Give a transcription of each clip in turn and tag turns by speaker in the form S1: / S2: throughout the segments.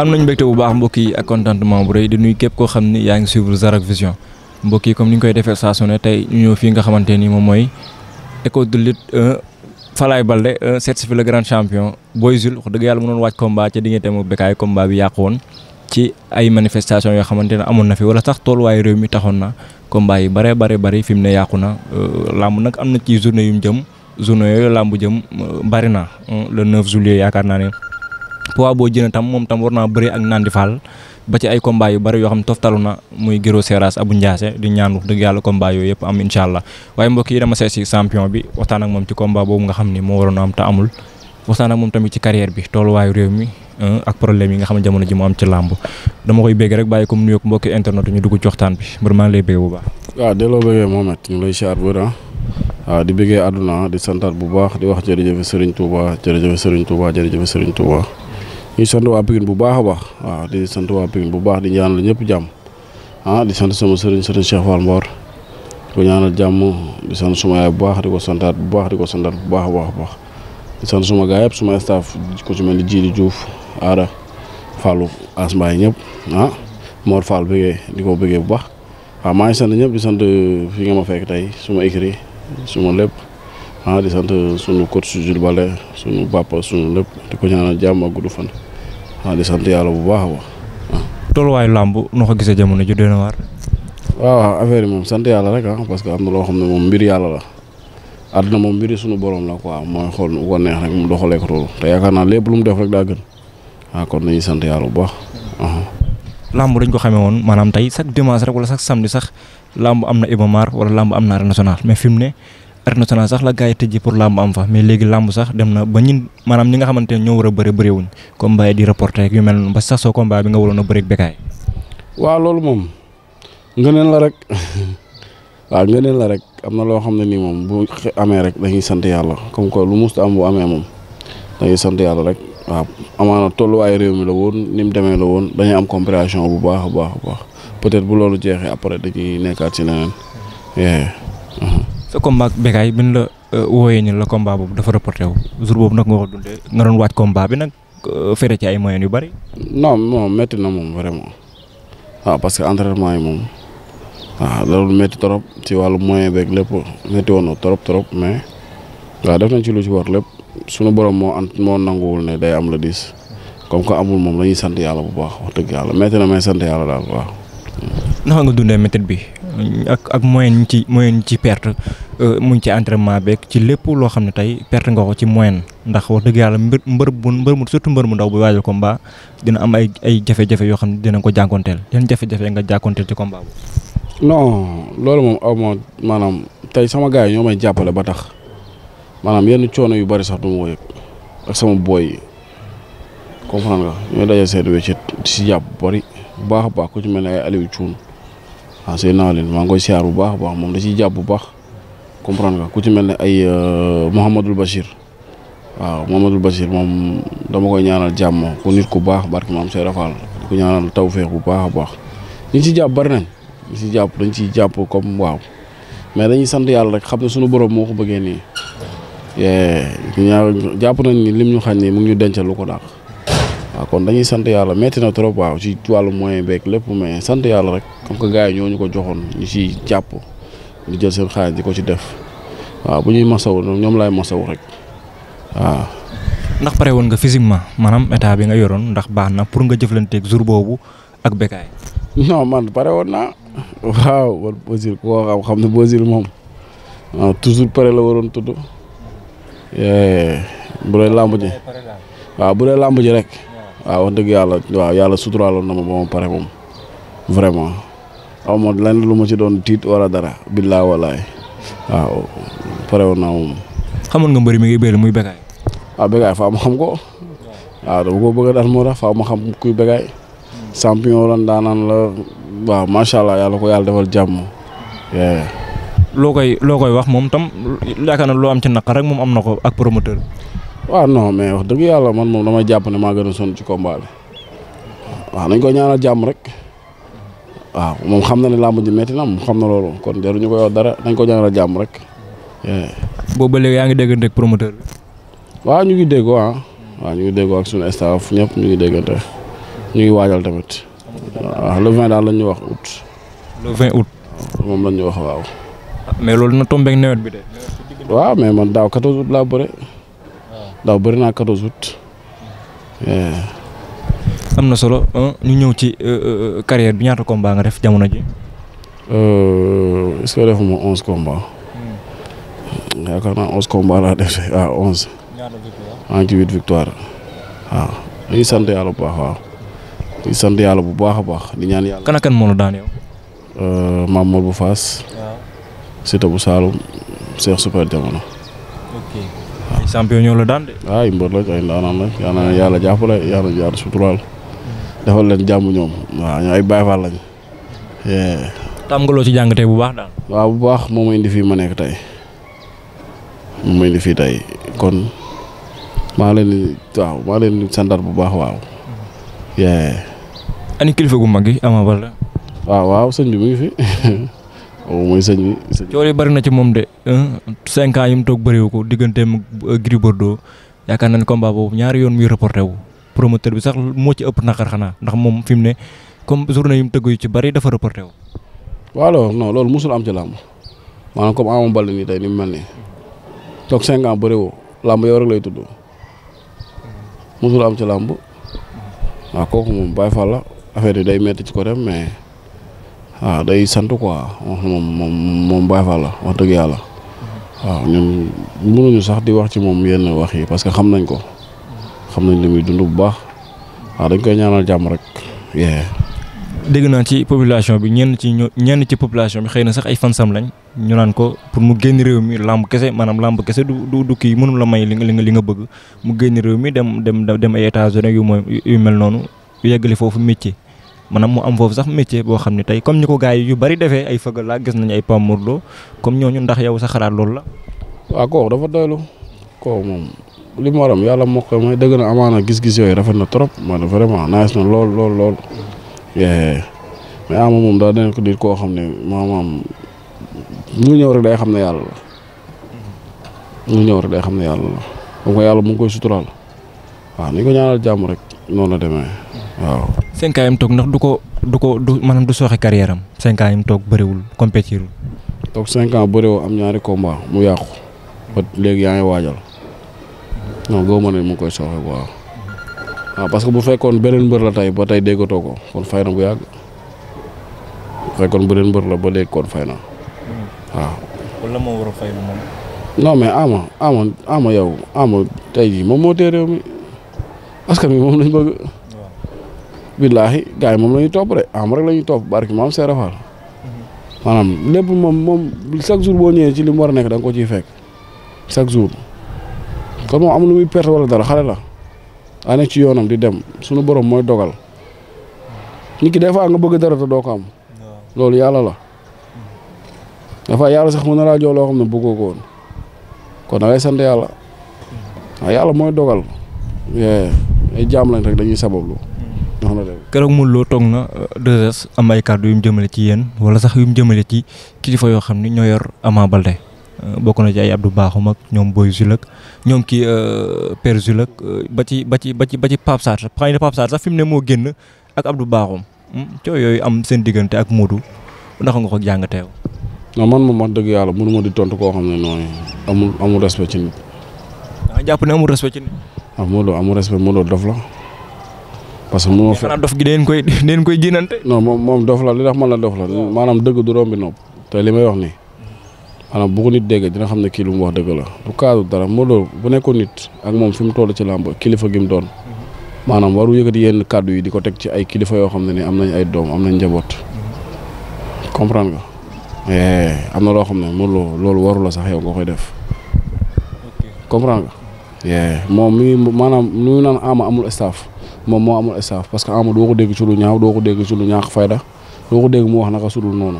S1: am nañ mbégte bu baax mbokk yi ak contentement bu rëy di nuy képp koo xam ni yaa ngi suivre Zarak Vision mbokk yi comme ni ñu koy defee saa su ne tey ñu ñëw fii nga xamante ni moom mooy école de lutte 1 Falaye Baldé 1 certifié le grand champion Boy Jules wax dëgg yàlla mënoon wàcc combat ca diggante mu Bécaye combat bi yàqu woon ci ay manifestation yoo xamante ne amoon na fi wala sax tolluwaayu réew mi taxoon na combat yi bare bare bari fi mu ne yàqu na euh, làmb nag am na ci journée yu mu jëm journée yooyu làmb jëm euh, bari na euh, le 9 juillet yaakaar naa ne poids boo jëlee tam moom tam war naa bëri ak Nandi Fall ba ci ay combat yu bari yoo xam toftalu na muy Giro Seras Abu Ndiasse di ñaan wax yàlla combat yooyu yëpp am incha allah waaye mbokk yi dama seet si champion bi waxtaan ak moom ci combat boobu nga xam ni moo waroon a am ta amul waxtaan ak moom tamit ci carrière Euh, ak problème yi nga xamne jamono ji mo am ci lamb dama koy bégg rek bàyyi ko mu nuyoog mbokki internet ñu dugg ci waxtaan bi bur ma lay bégg bu baax.
S2: wa de lo bégg Mohamed ñu lay siyaar bu ran ah. waaw di bégg aduna ah, di santat bu baax di wax jere jërëjëf Serigne Touba jere jërëjëf Serigne Touba jere jërëjëf Serigne Touba ñu sant wa pigne bu baax baax wa di sant wa pigne bu baax di ñaan la ñepp jam ha ah, di sant sama Serigne Serigne Cheikh Fall Mbor ko ñaanal jàmm di sant suma ay bu baax di ko santat bu baax di ko santat bu baax baax baax di sant suma gaay yëpp suma staff ko ci mel ni Djili Diouf ara falu asma ñëpp ah mor fal bëggee di ko bëggee bu baax waaw maa ngi sant di sant fi nga ma fekk tay suma écrit suma lepp ah di sant sunu coach Jules Balé sunu papa sunu lepp di ko ñaanal jamm ak gudd fan ah di sant yalla bu baax wa tol way lamb no ko gisee jamono ju deena war waar waaw affaire mom moom sant yàlla rek ah parce que am na loo xam mbir yalla la adna mom mbiri sunu borom la quoi moy xol wonex rek mu doxale ko tol te yakarna lepp lu mu def rek da gën ah kon nañu sant yàlla bu baax. lamb
S1: dañ ko xamé won manam tay chaque dimanche rek wala chaque samedi sax lamb amna na Mar wala lamb amna na arène Me mais fimné mu ne sax la gars teji pour lamb am fa mais légui lamb sax dem na ba ñin manam ñi nga xamanté ñoo wara bëré bëré wuñ comme baye di reporter, ak yu mel noonu ba sax so combat bi nga waroon a bëri ak Bécaye.
S2: waaw loolu moom la rek wa la rek amna lo xamné ni mom bu amé rek dañuy sant yalla comme ko lu musta am bu amé mom dañuy sant yalla rek waaw amaana tolluwaayu réew mi la woon ni mu demee la woon dañuy am compréhension bu baax a baax a peut-être bu loolu jeexee après dañuy nekkaat ci leneen. Uh-huh.
S1: sa combat ak Bécaye bi la uh, wooyee ñu la combat boobu dafa reporté wu jour boobu nag nga ko nga doon waaj combat bi nag uh, fere ci ay moyens yu bari.
S2: non non métti na moom vraiment waaw ah, parce que entraînement yi moom waaw ah, loolu métti trop ci wàllu moyen beeg lépp métti woon trop trop mais waaw def nañ ci lu ci war lépp. sunu borom moo ant moo nanguwul ne day am la diis comme que amul moom lañuy sant yàlla bu baax wax dëgg yàlla métti na may sant yàlla daal bu baax.
S1: naka nga dundee méthode bi ak ak moyen ci moyen ci perte euh, mu ci entraînement beeg ci lépp loo xam ne tey perte nga ko ci moyen ndax wax dëgg yàlla mbër mbër bu mbër mu surtout mbër mu ndaw bu ko combat dina am ay ay jafe-jafe yoo xam ne dina ko jànkoonteel yan jafe-jafe nga jànkoonteel ci combat bu
S2: non loolu moom aw ma maanaam yenn coono yu bari sax du ma ko yëg ak sama booy yi comprendre nga ñooy daje seen si jàpp bu bari bu baax a baax ku ci mel ne ay Aliou Thioune ah leen maa ngi bu baax a baax moom da ciy jàpp bu baax comprendre ku ci mel ne ay euh, Mouhamadul Bachir waaw Mouhamadul Bachir moom dama koy ñaanal jàmm ku nit ku baax barki maam Seydou Fall di ko ñaanal tawféex bu baax a baax ñu ci jàpp bari nañ ñu ci jàpp dañ ciy jàpp comme waaw mais dañuy sant yàlla rek xam ne sunu borom moo ko bëggee nii. ñaaw jàpp nañ ni lim ñu xañ ni mu ñu dencal ko dàq waaw kon dañuy sant yàlla metti na trop waaw ci wàllu moyen beeg lépp mais sant yàlla rek comme que gars yi ñoo ñu ko joxoon ñu ciy jàpp di jël seen xaalis di ko ci def waaw bu ñuy masawu ñoom laay masawu rek waaw. ndax pare
S1: woon nga physiquement maanaam état bi nga yoroon ndax baax na pour nga jëflanteeg jour boobu ak Bécaye.
S2: non man pare woon naa waaw man Bozil ku xam xam ne Bozil moom waaw toujours pare la waroon tudd. Eh, bu dee waaw bu dee làmb ji rek waaw wax dëgg yàlla waaw yàlla suturaaloon na ma ba pare moom vraiment aw ma lenn lu ma ci doon tiit wala dara billaa walaay waaw pare woon naa moom.
S1: xamoon nga mbëri mi ngi bëri muy Bécaye.
S2: waaw Bécaye faa ma xam ko waaw dama ko bëgg a daan moo tax faa ma xam kuy Bécaye champion lan daanaan la waaw macha allah yàlla ko yàlla defal jàmm. Eh. lo koy lo
S1: koy wax mom tam yaakaar lo am ci nak rek mom am nako ak promoteur
S2: wa non mais wax deug yalla man mom dama japp ne ma gën son ci combat bi wa nañ ko ñaanal jàmm rek wa mom xam na ne làmb di metti na moom xam na loolu kon ñu koy wax dara nañ ko ñaanal jàmm rek.
S1: bo ba léegi yaa ngi déggante ak promoteur
S2: wa ñu ngi deggo ha ah. wa ñu ngi deggo ak sun staff ñep ñu ngi déggante ñu ngi wajal tamit. le 20 dal lañ ñu wax août. le 20 août. mom lañ ñu wax waaw. mais loolu na tombé ak nawet bi de. waaw mais man daaw 14 août laa bëre. daaw bëri naa 14 août. am
S1: na solo ñu ñëw ci euh, euh, euh, carrière bi ñaata combat nga def jamono ji.
S2: est-ce que defuma 11 combats. Hmm. def ah 11. ñaata victoire waaw dañuy sant yàlla bu baax waaw. di sant yàlla bu baax a baax di ñaan yàlla. kan ak la daan Maam Mor bu Faas. Siteu bu Saalum Cheikh Super jamono. ok champion ñoo la daan de. ay ah, mbor la ay ndaanaan la ya na yàlla jàppale ya na ya yàlla suturaal. defal leen jàmm ñoom waaw nah, ya, ay Baye lañ lañu. Ya. tam nga lo ci jàng tey bu baax daal. wa bu baax moo ma indi fi ma nek tay moo ma indi fi tay kon ma leen taw ah, ma maa leen di bu baax waaw. Hmm. ani kilifa gu magi Ama wala ah, waaw waaw señ bi mu ngi fi. Oh, mooy sëñ bi. coow li bari na ci mom de
S1: 5 ans yum tok bari wuko ko gri Bordeaux yakarna ne combat bobu ñaar yoon muy reporté wu promoteur bi sax mo ci ëpp nakar xana ndax mom fi mu comme journée yum teggu ci bari dafa reporté wu.
S2: waaw loolu non loolu musul am ci lamb manam comme Ama Baldé ni tay ni melni tok 5 ans bari wu lamb yow rek lay tuddu musul am ci lamb waaw koku mom bay fa la affaire yi day metti ci ko dem mais. waaw ah, day sant quoi moom moom moom Baay Faal la wax dëgg yàlla waaw ah, ñun mënuñu sax di wax ci moom yenn wax yi parce que xam nañ ko xam nañ li muy dund bu baax waaw ah, dañ koy ñaanal jàmm rek yee
S1: dégg naa ci population bi ñenn ci ñenn ci population bi xëy na sax ay fan sam lañ ñu naan ko pour mu génn réew mi làmb kese maanaam làmb kese du du du kii mënu may li nga li nga bëgg mu génn réew mi dem dem dem ay États-Unis yu mooy yu mel noonu yeggali foofu métier. maanaam mu am foofu sax métier boo xam ne tey comme ñu ko gars yi yu bari defee ay fëgal laa gis nañu ay Pape Mor Lo comme ñooñu ndax yow sax
S2: xalaat loolu la. waaw kooku dafa doylu kooku moom li mu waram yàlla moo koy may dëgg na gis-gis yooyu rafet na trop man vraiment nice na lool lool lool. mais ama moom ko koo xam ne maanaam mu ñëw rek day xam ne yàlla la. mu ñëw rek day xam ne yàlla la yàlla mu ngi koy suturaal. waaw nañ ko ñaanal jàmm rek noonu la demee waaw.
S1: cinq toog ndax du ko du ko du maanaam du sooxe carrière am cinq toog bëriwul compétirul.
S2: toog cinq ans bëriwul am ñaari combat mu yàqu ba léegi yaa ngi waajal non góob ma ne mu parce que bu fekkoon beneen mbër la tey ba ko kon fay na bu bu fekkoon mbër la ba fay na waaw. a fay ama ama ama yow ama tey jii moom moo tee réew askan wi moom lañ bëgg. billaahi yi moom la ñuy topp de am rek la ñuy topp barki maam Seera mm-hmm. maanaam lépp moom moom chaque jour boo ñëwee ci li war a nekk da nga ko ciy fekk chaque jour. kon moom amul muy perte wala dara xale la daa nekk ci yoonam di dem suñu borom mooy dogal nit ki des fois nga bëgg dara te doo ko am. loolu yàlla la. des yàlla sax mën na laa jox loo xam ne bëggoo ko woon kon da ngay sant yàlla. Mm-hmm. waaw yàlla mooy dogal. ay jaam lañ rek dañuy sabablu. Hmm.
S1: keroog Modou Lo toog na 2S euh, am ay kàddu yu mu jëmale ci yéen wala sax yu mu jëmale ci kilifa yoo xam ni ñoo yor Ama Baldé euh, bokk na ci ay Abdou Bakhoum ak ñoom Boy Zulak ñoom kii euh, Père Zulak ba ci ba ci ba ci ba ci Pape Sarr sax xëy na Pape sax fi mu ne moo génn ak Abdou Bakhoum hmm, coow yooyu am seen diggante ak Modou ndax nga ko jàngatee wu.
S2: non man moom wax dëgg yàlla mënu ma di tontu koo xam ne noonu amul amul respect ci nit. waaw ah, Modou amul respect Modou la. parce que mënoo fekk gi deen koy deen koy jiinante. non moom moom dof la li tax man la dof la maanaam dëgg du rombi nopp te li may wax nii maanaam bu nit dégg dina xam ne kii mu wax dëgg la du kaadu dara Modou bu nekkoon nit ak moom fi mu toll ci làmb kilifa gi mu doon. maanaam waru yëkkati yenn kàddu yi di ko teg ci ay kilifa yoo xam ne ni am nañ ay doom am nañ njaboot comprendre nga am na loo xam ne Modou loolu waru sax yow nga koy def comprendre nga. moom mi maanaam nu ñu naan ama amul staff moom moo amul staff parce que ama doo ko dégg ci lu ñaaw doo ko dégg ci lu ñaax fayda doo ko dégg mu wax naka sudul noonu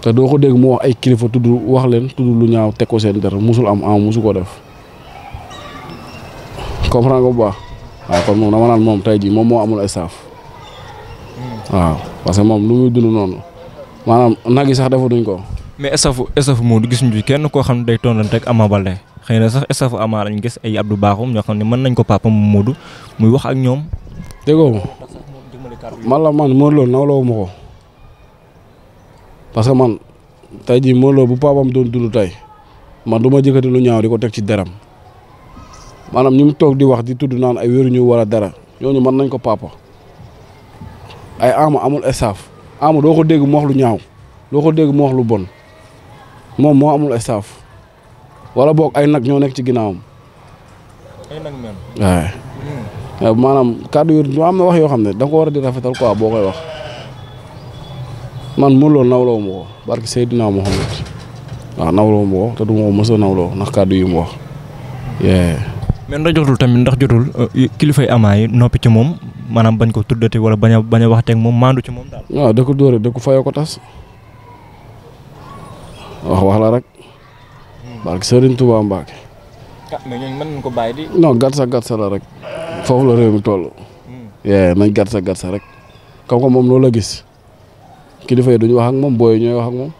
S2: te doo ko dégg mu wax ay kilifa tudd wax leen tudd lu ñaaw teg ko seen der musul am am musu ko def comprendre nga bu a waaw kon moom dama naan moom tey jii moom moo amul staff waaw parce que moom lu muy dund noonu maanaam nag yi sax defutuñ ko.
S1: mais staff staff moo du gis ñu kenn koo xam ne day tontanteeg Ama Baldé xëy na sax estafu Ama ñu gis ay Abdou bakum ñoo xam ne mën nañ ko papa
S2: Modou muy wax ak ñoom. déggoo man la man Modou Lo nawloo ma ko parce que man tey jii Modou Lo bu am doon dund tey man du ma lu ñaaw di ko teg ci deram maanaam ñu toog di wax di tudd naan ay ñu wala dara ñooñu mën nañ ko papa ay Ama amul estaf Ama doo ko dégg mu wax lu ñaaw doo ko dégg mu wax lu bon moom moo amul estaf wala bok ay nak ñoo nek ci ginaawum ay nag même. waaw manam kaddu yu am na wax yo xamne da ko wara di rafetal quoi bokay wax man mënuloo nawloo ma ko barki sayyidina muhammad wa nawlo ma ko te du mo mos nawlo nak kaddu yu mu wax.
S1: men da jotul tamit ndax jotul euh, kilifa ay yi nopi ci mom manam bañ ko tuddati wala baña baña bañ a mom mandu ci mom dal
S2: wa da ko dëkk da ko tas wax wax la rek. barke Serigne Touba Mbacke.
S1: ah mais ñooñu mën nañu
S2: ko la rek foofu la réew mi toll. Hmm. nañ gàtt sa rek kaw ko moom loolu la gis kilifa yi duñu wax ak moom booy ñooy wax ak moom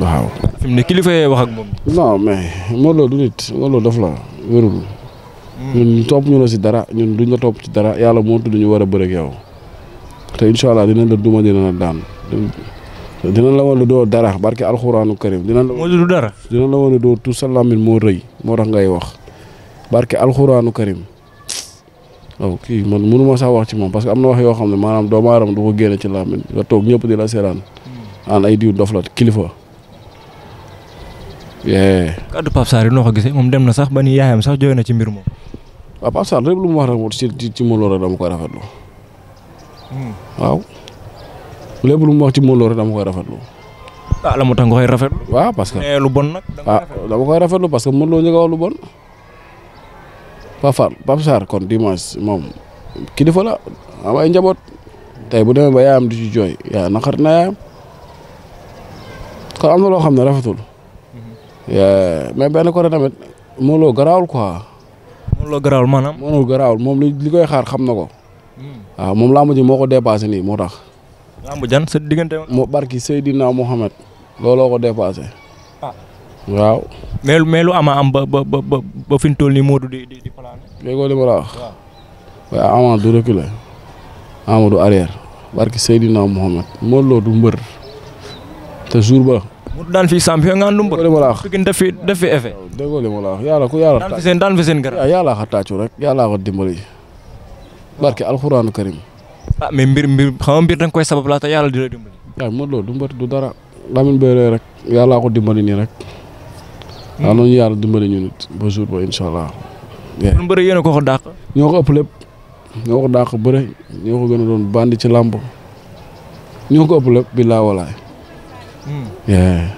S2: waaw. fi kilifa yi wax ak moom. non du nit Modou Lo daf la wérul. Hmm. ñun topp ñu la si dara ñun duñ la topp ci dara yàlla moo tudd ñu war a bëre ak te incha allah dinañ la duma dina la daan. dina la woon lu doo dara barke alxuraanu karim dina la woon lu dara dina la woon lu doo tout sa làmmiñ moo rëy moo tax ngay wax barke alxuraanu karim waaw kii man mënu ma sax wax ci moom parce que am na wax yoo xam ne maanaam doomu aadama du ko génne ci làmmiñ nga toog ñëpp di la seetaan aan ay diw dof la kilifa. kaddu
S1: Pape yi noo ko gisee moom dem na sax ba ni yaayam
S2: sax jooy na ci mbir moom. waaw Pape Sarr lu mu wax rek ci ci ci Modou rek dama koy rafetlu. Hmm. waaw. lepp lu mu wax ci mo lor dama koy rafetlu. ah la mu tax nga koy rafetlu. waaw parce que eh, lu bon nak ah dama koy rafetlu parce que mo Lo ñu ko wax lu bon. Pape Fall Pape Sarr kon dimanche moom kilifa la am ay njabot tay bu demé ba yaayam du ci joy ya naqar na yaayam ko am na loo xam ne rafetul. Mhm. Eh, mais ben ko tamit mo Lo grawul quoi. mo Lo grawul manam mo Lo grawul mom li koy xaar xamnako hmm. ah mom la moom di moko dépasser ni motax lamb jan sa diggante mu barki Seydina Mohamed looloo ko dépassé. ah waaw. mais mais am ba ba ba ba nii Modou di di di li ma la wax. waaw ama du reculer ama du arrière barki Seydina Mohamed Modou Lo mbër te jour ba. mu daan fii champion nga du mbër. def fi def fi effet. li ma la wax yàlla ku yàlla. daan fi rek yàlla ko dimbali. barki alxuraanu karim. Ah, mais mbir mbir xam nga mbir koy sabab laata yàlla di la dimbali. waaw man loolu du mbër du dara. Lamine rek yàllaa ko dimbali nii rek. waaw hmm. noonu yàlla dimbali ñu ba jour ba incha allah. kon mbër ko ko dàq. ñoo ko ëpp lépp ñoo ko dàq bëre ñoo ko gën a doon bandi ci làmb ñoo ko ëpp lépp billaa walaay. Hmm.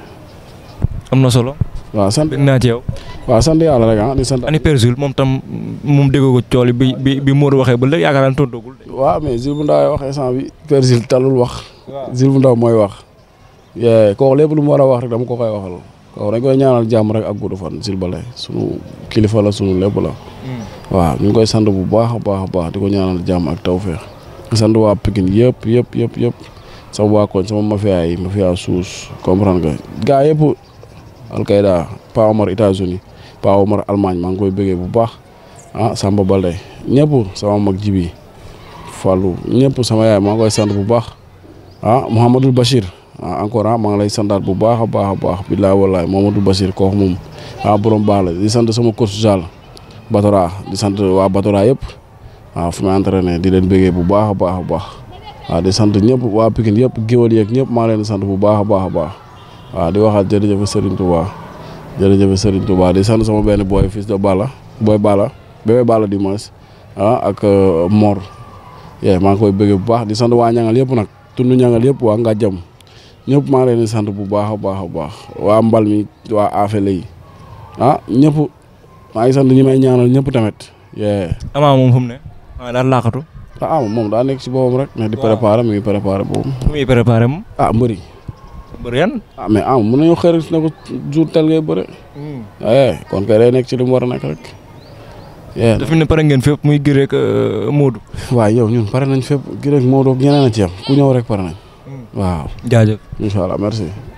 S2: am na solo. waaw sant naa ci yow. waaw sant yàlla rek ah di sant. ani
S1: Père Jules moom tam moom déggoo ko coole bi bi bi Modou waxee ba léegi yaakaar naa tontagul.
S2: waaw mais Jules bu Ndaw waxee sant bi Père Jules talul wax. waaw Jules bu Ndaw mooy wax. kooku lépp lu mu war a wax rek dama ko koy waxal kooku dañ koy ñaanal jàmm rek ak gudd fan Jules Baldé sunu kilifa la sunu lépp la. Hmm. waaw ñu ngi koy sant bu baax a baax a baax di ko ñaanal jàmm ak tawféex. di sant waa Pikine yep yep yëpp yëpp sama waa koñ sama mafia yi mafia suus comprendre nga gars al Alkaïda Pa Omar États-Unis Pa Omar Alman mang koy beugé bu baax ah Samba Balde ñepp sama mag jibi fallu ñepp sama yaay mang koy sant bu baax ah Mouhamadou bashir ah encore ah maa lay santaat bu baax a baax a baax billaay wallaay Mouhamadou Bachir ah borom baal di sant sama coach Jall Batora di sant wa Batora yëpp ah fu may entraîné di leen beugé bu baax a baax a baax waaw ah, di sant ñepp wa Pikine yëpp géwal yeeg ñepp ma leen di sant bu baax a baax a baax waaw ah, di waxaat Serigne Touba jere Serigne Touba di sant sama ben boy fils de bala boy bala bébé bala dimanche ah ak euh, Mor ye ma ngoy koy bu baax di sant wa ñangal punak nak tunu ñangal yëpp wa nga jëm ñëpp ma leen di sant bu baax baax baax wa mbal mi wa afele yi ah ñëpp ma ngi sant ñi may ñaanal ñëpp tamet ye Ama fu fum ne Ama la laaxatu. ah mom da nek si bobu rek. mais di préparer mi préparer bu mi préparer ah muri. bëri yan. ah mais am ah, mën nañoo xëy rek ne ko jour tel ngay bëre. Hmm. Eh, kon kay day nekk ci li war a nekk rek. dafa ne pare ngeen fépp muy Gris ak euh, Modou. waaw yow ñun pare nañ fépp Gris ak Modou ak ñeneen a ci yam ku ñëw rek pare nañ. Hmm. waaw jaajëf incha allah merci.